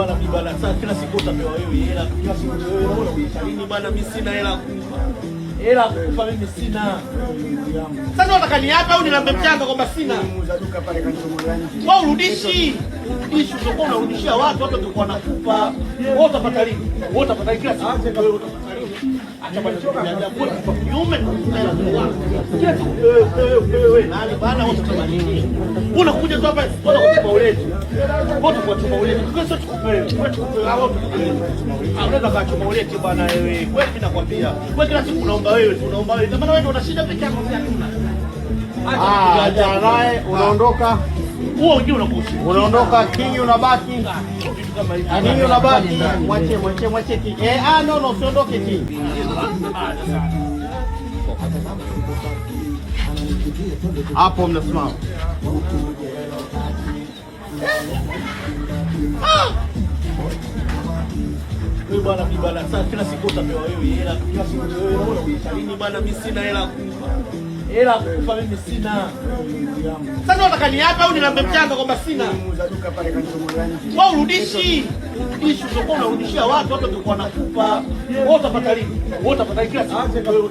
bwana, mimi bwana, sasa kila siku utapewa wewe hela, kila siku wewe unaona kuisalini bwana, mimi sina hela kufa. Hela kufa mimi sina. Sasa unataka niapa au nilambe mchanga kwamba sina? Wewe urudishi. Urudishi usipokuwa unarudishia watu, watu watakuwa wanakufa. Wewe utapata lini? Wewe utapata kila siku wewe utapata unakuja tu hapa unaweza kaa chuma uleti bwana wewe. Kweli mimi nakwambia, wewe kila siku unaomba wewe unaomba wewe, maana wewe ndio unashinda peke yako. Acha naye unaondoka huo wengine unakushi, unaondoka kingi, unabaki kingi, unabaki mwache, mwache, mwache kingi. Eh, ah, no no, usiondoke kingi. Hapo mnasimama kila siku utapewa wewe hela, kila siku wewe unaona, mimi sina hela kubwa hela kufa mimi sina. Sasa unataka niapa au nilambe mchanga kwamba sina? Wewe urudishi urudishi, utakuwa unarudishia watu, watu watakuwa nakupa wewe. Utapata lini? Wewe utapata kila siku.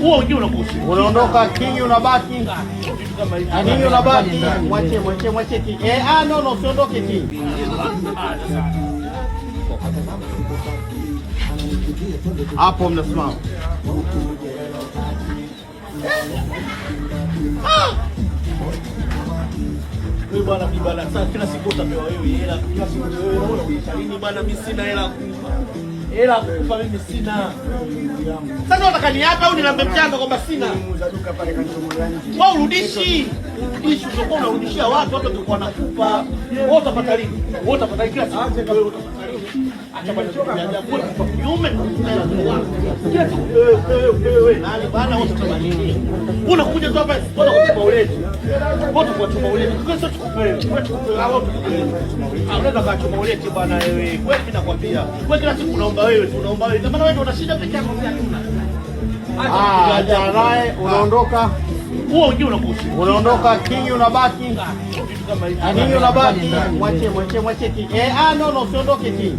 huo wengine unagusi, unaondoka kingi, unabaki kingi, unabaki mwache, mwache, mwache kingi. Eh, ah, no no, usiondoke kingi. Hapo mnasimama kila siku utapewa wewe hela, kila siku wewe mimi sina hela Hela kukupa mimi sina. Sasa unataka ni au nilambe mchanga kwamba sina? Wewe urudishi. Ishi unakuwa unarudishia watu watu watakuwa nakupa. Wewe utapata lini? Wewe utapata kila siku. Unakuja tu hapa wetu wote kwa chuma uleti kwetu tukupe kwetu tukupe hao tukupe unaweza kwa chuma uleti bwana wewe kwetu nakwambia wewe kila siku unaomba wewe unaomba wewe maana wewe ndio unashinda peke yako pia tuna acha naye unaondoka huo ujio unakushi unaondoka kingi unabaki kingi unabaki mwache mwache mwache kingi eh ah no no siondoke kingi